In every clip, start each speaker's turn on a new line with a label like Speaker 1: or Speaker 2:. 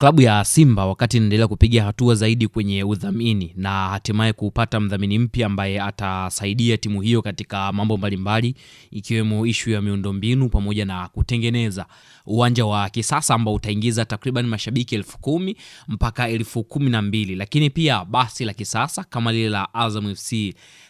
Speaker 1: klabu ya Simba wakati inaendelea kupiga hatua zaidi kwenye udhamini na hatimaye kupata mdhamini mpya ambaye atasaidia timu hiyo katika mambo mbalimbali ikiwemo ishu ya miundombinu pamoja na kutengeneza uwanja wa kisasa ambao utaingiza takriban mashabiki elfu kumi mpaka elfu kumi na mbili lakini pia basi la kisasa kama lile la Azam FC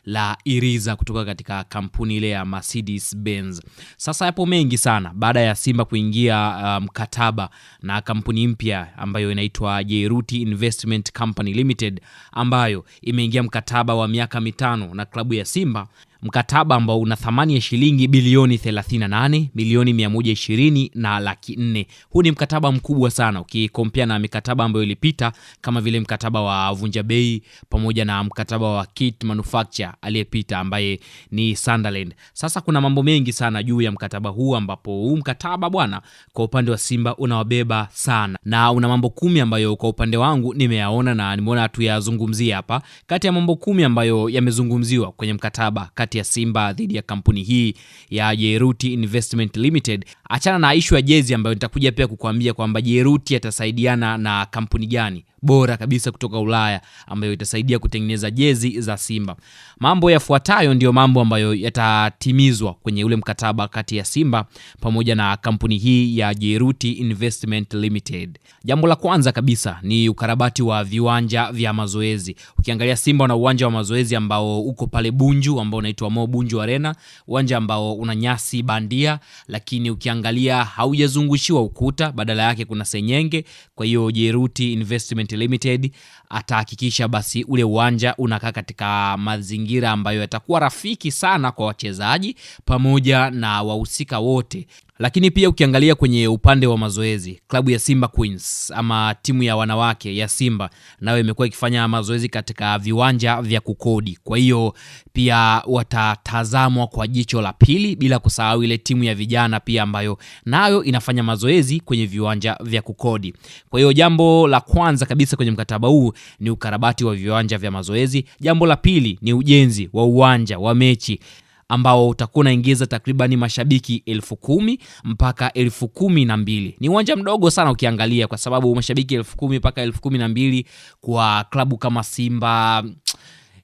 Speaker 1: la Iriza kutoka katika kampuni ile ya Mercedes Benz. Sasa yapo mengi sana baada ya Simba kuingia uh, mkataba um, na kampuni mpya ambayo inaitwa Jeruti Investment Company Limited ambayo imeingia mkataba wa miaka mitano na klabu ya Simba mkataba ambao una thamani ya shilingi bilioni 38 milioni 120 na laki nne. Huu ni mkataba mkubwa sana ukikompia na mikataba ambayo ilipita kama vile mkataba wa vunja bei pamoja na mkataba wa kit manufacture aliyepita ambaye ni Sunderland. Sasa kuna mambo mengi sana juu ya mkataba huu, ambapo huu mkataba bwana, kwa upande wa Simba unawabeba sana na una mambo kumi ambayo kwa upande wangu nimeyaona na nimeona hatuyazungumzie hapa, kati ya mambo kumi ambayo yamezungumziwa kwenye mkataba kati kati ya Simba dhidi ya kampuni hii ya Jeruti Investment Limited. Achana na ishu ya jezi ambayo nitakuja pia kukuambia kwamba Jeruti atasaidiana na kampuni gani bora kabisa kutoka Ulaya ambayo itasaidia kutengeneza jezi za Simba. Mambo yafuatayo ndiyo mambo ambayo yatatimizwa kwenye ule mkataba kati ya Simba pamoja na kampuni hii ya Jeruti Investment Limited. Jambo la kwanza kabisa ni ukarabati wa viwanja vya mazoezi. Ukiangalia Simba na uwanja wa mazoezi ambao uko pale Bunju ambao unaitwa Mo Bunju Arena, uwanja ambao una nyasi bandia, lakini ukiangalia haujazungushiwa ukuta, badala yake kuna senyenge. Kwa hiyo Jeruti Investment Management Limited atahakikisha basi ule uwanja unakaa katika mazingira ambayo yatakuwa rafiki sana kwa wachezaji pamoja na wahusika wote. Lakini pia ukiangalia kwenye upande wa mazoezi, klabu ya Simba Queens ama timu ya wanawake ya Simba nayo imekuwa ikifanya mazoezi katika viwanja vya kukodi. Kwa hiyo pia watatazamwa kwa jicho la pili, bila kusahau ile timu ya vijana pia ambayo nayo inafanya mazoezi kwenye viwanja vya kukodi. Kwa hiyo jambo la kwanza kabisa kabisa kwenye mkataba huu ni ukarabati wa viwanja vya mazoezi. Jambo la pili ni ujenzi wa uwanja wa mechi ambao utakuwa unaingiza takribani mashabiki elfu kumi mpaka elfu kumi na mbili. Ni uwanja mdogo sana ukiangalia, kwa sababu mashabiki elfu kumi mpaka elfu kumi na mbili kwa klabu kama Simba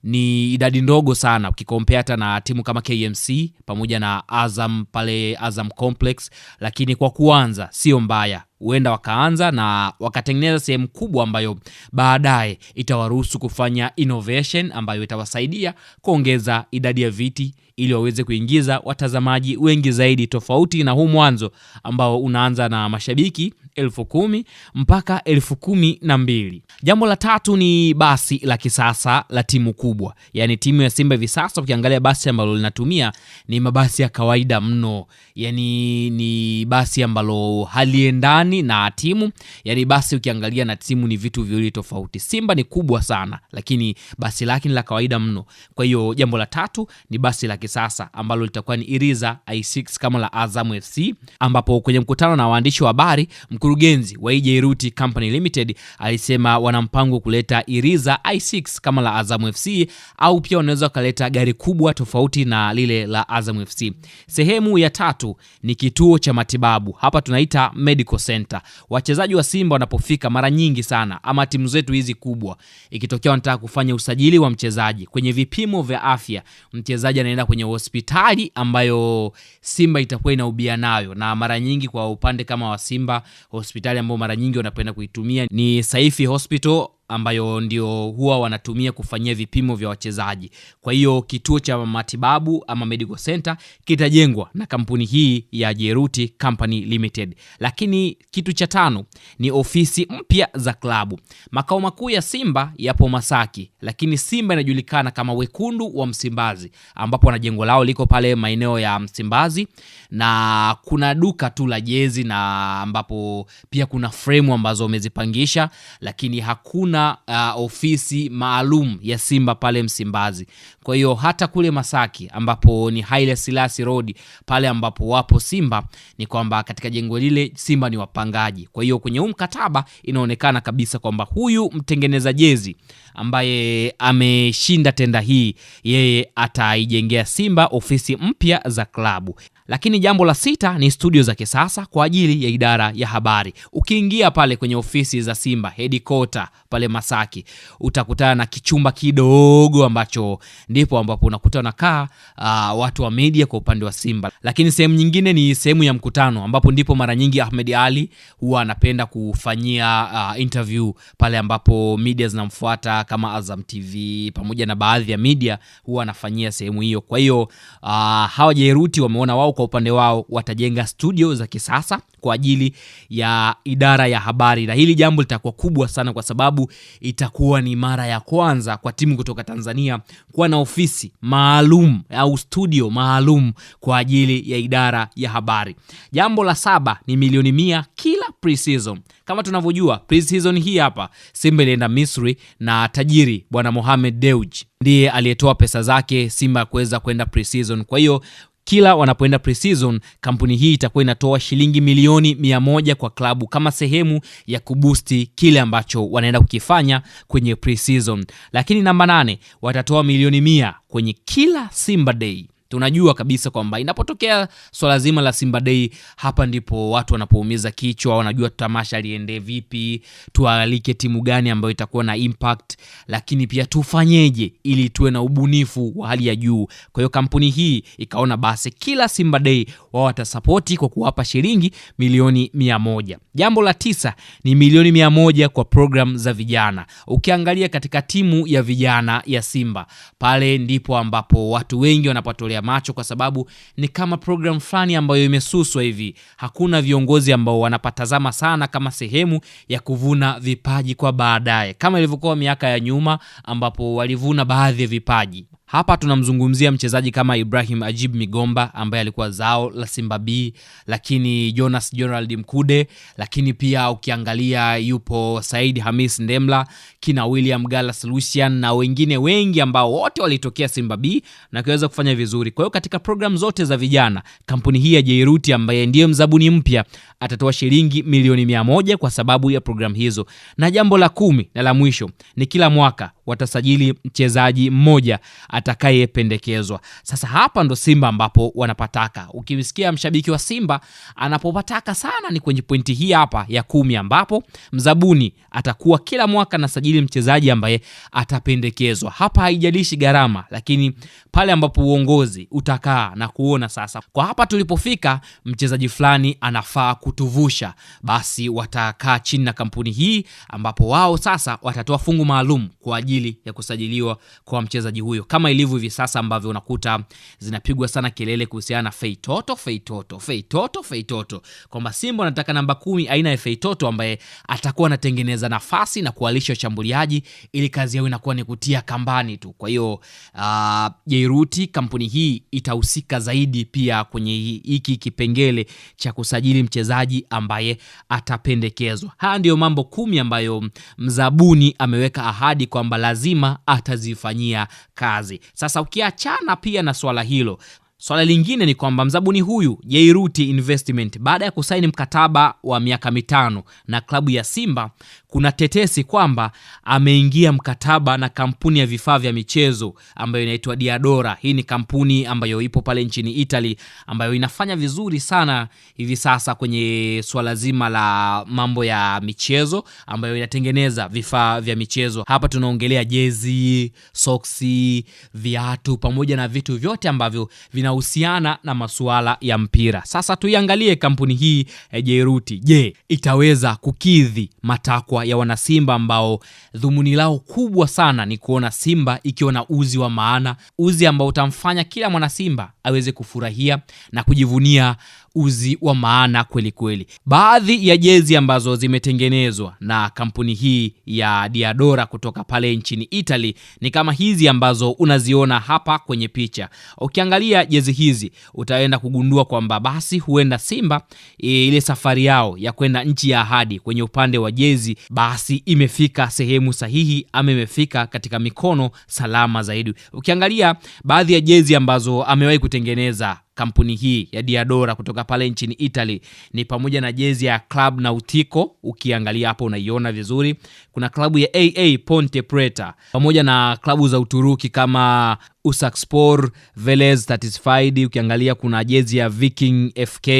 Speaker 1: ni idadi ndogo sana ukikompea hata na timu kama KMC pamoja na Azam pale Azam Complex, lakini kwa kuanza sio mbaya huenda wakaanza na wakatengeneza sehemu kubwa ambayo baadaye itawaruhusu kufanya innovation ambayo itawasaidia kuongeza idadi ya viti ili waweze kuingiza watazamaji wengi zaidi, tofauti na huu mwanzo ambao unaanza na mashabiki elfu kumi mpaka elfu kumi na mbili. Jambo la tatu ni basi la kisasa la timu kubwa, yani timu ya Simba hivi sasa ukiangalia basi ambalo linatumia ni mabasi ya kawaida mno, yani ni basi ambalo haliendani ndani na timu, yani basi ukiangalia na timu ni vitu viwili tofauti. Simba ni kubwa sana, lakini basi lake ni la kawaida mno. Kwa hiyo jambo la tatu ni basi la kisasa ambalo litakuwa ni Iriza i6 kama la Azam FC, ambapo kwenye mkutano na waandishi wa habari mkurugenzi wa EJ Route Company Limited alisema wana mpango kuleta Iriza i6 kama la Azam FC au pia wanaweza wakaleta gari kubwa tofauti na lile la Azam FC. Sehemu ya tatu ni kituo cha matibabu, hapa tunaita medical center center. Wachezaji wa Simba wanapofika mara nyingi sana, ama timu zetu hizi kubwa, ikitokea wanataka kufanya usajili wa mchezaji kwenye vipimo vya afya, mchezaji anaenda kwenye hospitali ambayo Simba itakuwa inaubia nayo, na mara nyingi kwa upande kama wa Simba, hospitali ambayo mara nyingi wanapenda kuitumia ni Saifi Hospital ambayo ndio huwa wanatumia kufanyia vipimo vya wachezaji. Kwa hiyo kituo cha matibabu ama medical center kitajengwa na kampuni hii ya Jeruti Company Limited. Lakini kitu cha tano ni ofisi mpya za klabu. Makao makuu ya Simba yapo Masaki, lakini Simba inajulikana kama Wekundu wa Msimbazi, ambapo na jengo lao liko pale maeneo ya Msimbazi, na kuna duka tu la jezi na ambapo pia kuna fremu ambazo wamezipangisha, lakini hakuna hakuna uh, ofisi maalum ya Simba pale Msimbazi. Kwa hiyo hata kule Masaki ambapo ni Haile silasi Road pale ambapo wapo Simba ni kwamba katika jengo lile Simba ni wapangaji. Kwa hiyo kwenye huu mkataba inaonekana kabisa kwamba huyu mtengeneza jezi ambaye ameshinda tenda hii yeye ataijengea Simba ofisi mpya za klabu. Lakini jambo la sita ni studio za kisasa kwa ajili ya idara ya habari. Ukiingia pale kwenye ofisi za Simba headquarter pale Masaki, utakutana na kichumba kidogo ambacho ndipo ambapo unakutana kaa uh, ah, watu wa media kwa upande wa Simba. Lakini sehemu nyingine ni sehemu ya mkutano ambapo ndipo mara nyingi Ahmed Ali huwa anapenda kufanyia uh, interview pale ambapo media zinamfuata kama Azam TV pamoja na baadhi ya media huwa anafanyia sehemu hiyo. Kwa hiyo uh, hawa Jeruti wameona wao kwa upande wao watajenga studio za kisasa kwa ajili ya idara ya habari, na hili jambo litakuwa kubwa sana kwa sababu itakuwa ni mara ya kwanza kwa timu kutoka Tanzania kuwa na ofisi maalum au studio maalum kwa ajili ya idara ya habari. Jambo la saba ni milioni mia kila pre-season. Kama tunavyojua pre-season hii hapa Simba ilienda Misri na tajiri bwana Mohamed deuj ndiye aliyetoa pesa zake Simba kuweza kwenda pre-season. Kwa hiyo kila wanapoenda preseason, kampuni hii itakuwa inatoa shilingi milioni mia moja kwa klabu kama sehemu ya kubusti kile ambacho wanaenda kukifanya kwenye preseason. Lakini namba nane, watatoa milioni mia kwenye kila Simba Day. Tunajua kabisa kwamba inapotokea swala zima la Simba dei hapa ndipo watu wanapoumiza kichwa, wanajua tamasha liende vipi, tualike timu gani ambayo itakuwa na impact, lakini pia tufanyeje ili tuwe na ubunifu wa hali ya juu. Kwa hiyo kampuni hii ikaona basi kila Simba dei wao watasapoti kwa kuwapa shilingi milioni mia moja. Jambo la tisa ni milioni mia moja kwa program za vijana. Ukiangalia katika timu ya vijana ya Simba, pale ndipo ambapo watu wengi wanapatolea ya macho, kwa sababu ni kama program fulani ambayo imesuswa hivi. Hakuna viongozi ambao wanapatazama sana kama sehemu ya kuvuna vipaji kwa baadaye, kama ilivyokuwa miaka ya nyuma ambapo walivuna baadhi ya vipaji. Hapa tunamzungumzia mchezaji kama Ibrahim Ajib Migomba ambaye alikuwa zao la Simba B, lakini Jonas Gerald Mkude, lakini pia ukiangalia yupo Said Hamis Ndemla, kina William Gallas Lucian na wengine wengi ambao wote walitokea Simba B na kiweza kufanya vizuri. Kwa hiyo katika programu zote za vijana, kampuni hii ya Jairuti ambaye ndiye mzabuni mpya atatoa shilingi milioni mia moja kwa sababu ya programu hizo. Na jambo la kumi na la mwisho ni kila mwaka watasajili mchezaji mmoja atakayependekezwa. Sasa hapa ndo Simba ambapo wanapataka. Ukimsikia mshabiki wa Simba anapopataka sana ni kwenye pointi hii hapa ya kumi, ambapo mzabuni atakuwa kila mwaka anasajili mchezaji ambaye atapendekezwa. Hapa haijalishi gharama, lakini pale ambapo uongozi utakaa na kuona sasa, kwa hapa tulipofika, mchezaji fulani anafaa kutuvusha, basi watakaa chini na kampuni hii, ambapo wao sasa watatoa fungu maalum kwa ajili ajili ya kusajiliwa kwa mchezaji huyo, kama ilivyo hivi sasa ambavyo unakuta zinapigwa sana kelele kuhusiana na Feitoto, Feitoto, Feitoto, Feitoto, kwamba Simba anataka namba kumi aina ya Feitoto ambaye atakuwa anatengeneza nafasi na kualisha washambuliaji ili kazi yao inakuwa ni kutia kambani tu. Kwa hiyo uh, ah, Jairuti, kampuni hii itahusika zaidi pia kwenye hiki kipengele cha kusajili mchezaji ambaye atapendekezwa. Haya ndiyo mambo kumi ambayo mzabuni ameweka ahadi kwamba lazima atazifanyia kazi. Sasa ukiachana pia na swala hilo Swala lingine ni kwamba mzabuni huyu Jairuti Investment baada ya kusaini mkataba wa miaka mitano na klabu ya Simba kuna tetesi kwamba ameingia mkataba na kampuni ya vifaa vya michezo ambayo inaitwa Diadora. Hii ni kampuni ambayo ipo pale nchini Italy, ambayo inafanya vizuri sana hivi sasa kwenye swala zima la mambo ya michezo, ambayo inatengeneza vifaa vya michezo. Hapa tunaongelea jezi, soksi, viatu pamoja na vitu vyote ambavyo vinahusiana na masuala ya mpira. Sasa tuiangalie kampuni hii ya Je, itaweza kukidhi matakwa ya wanasimba ambao dhumuni lao kubwa sana ni kuona Simba ikiwa na uzi wa maana, uzi ambao utamfanya kila mwanasimba aweze kufurahia na kujivunia uzi wa maana kweli kweli. Baadhi ya jezi ambazo zimetengenezwa na kampuni hii ya Diadora kutoka pale nchini Italy ni kama hizi ambazo unaziona hapa kwenye picha. Ukiangalia jezi hizi utaenda kugundua kwamba basi huenda Simba ile safari yao ya kwenda nchi ya ahadi kwenye upande wa jezi basi imefika sehemu sahihi ama imefika katika mikono salama zaidi. Ukiangalia baadhi ya jezi ambazo amewahi kutengeneza kampuni hii ya Diadora kutoka pale nchini Italy ni pamoja na jezi ya Club Nautico, ukiangalia hapo unaiona vizuri. Kuna klabu ya AA Ponte Preta pamoja na klabu za Uturuki kama Usakspor, Velez Satisfied. Ukiangalia kuna jezi ya Viking FK,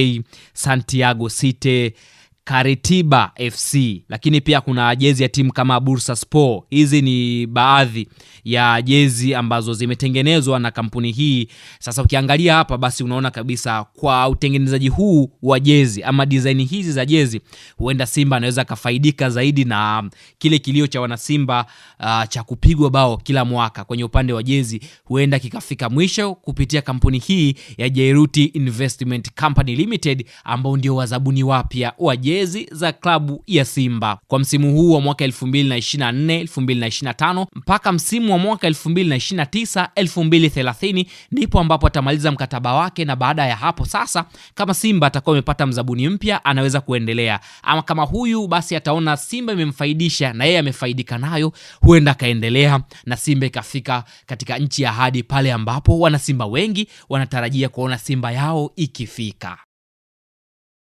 Speaker 1: Santiago City Karitiba FC, lakini pia kuna jezi ya timu kama Bursa Sport. Hizi ni baadhi ya jezi ambazo zimetengenezwa na kampuni hii. Sasa ukiangalia hapa, basi unaona kabisa kwa utengenezaji huu wa jezi ama design hizi za jezi, huenda Simba anaweza akafaidika zaidi na kile kilio cha wanasimba uh, cha kupigwa bao kila mwaka kwenye upande wa jezi, huenda kikafika mwisho kupitia kampuni hii ya Jairuti Investment Company Limited, ambao ndio wazabuni wapya wa jezi jezi za klabu ya Simba kwa msimu huu wa mwaka 2024 2025 mpaka msimu wa mwaka 2029 2030, ndipo ambapo atamaliza mkataba wake, na baada ya hapo sasa, kama Simba atakuwa amepata mzabuni mpya, anaweza kuendelea, ama kama huyu basi ataona Simba imemfaidisha na yeye amefaidika nayo, huenda akaendelea na Simba ikafika katika nchi ya ahadi, pale ambapo wanasimba wengi wanatarajia kuona Simba yao ikifika.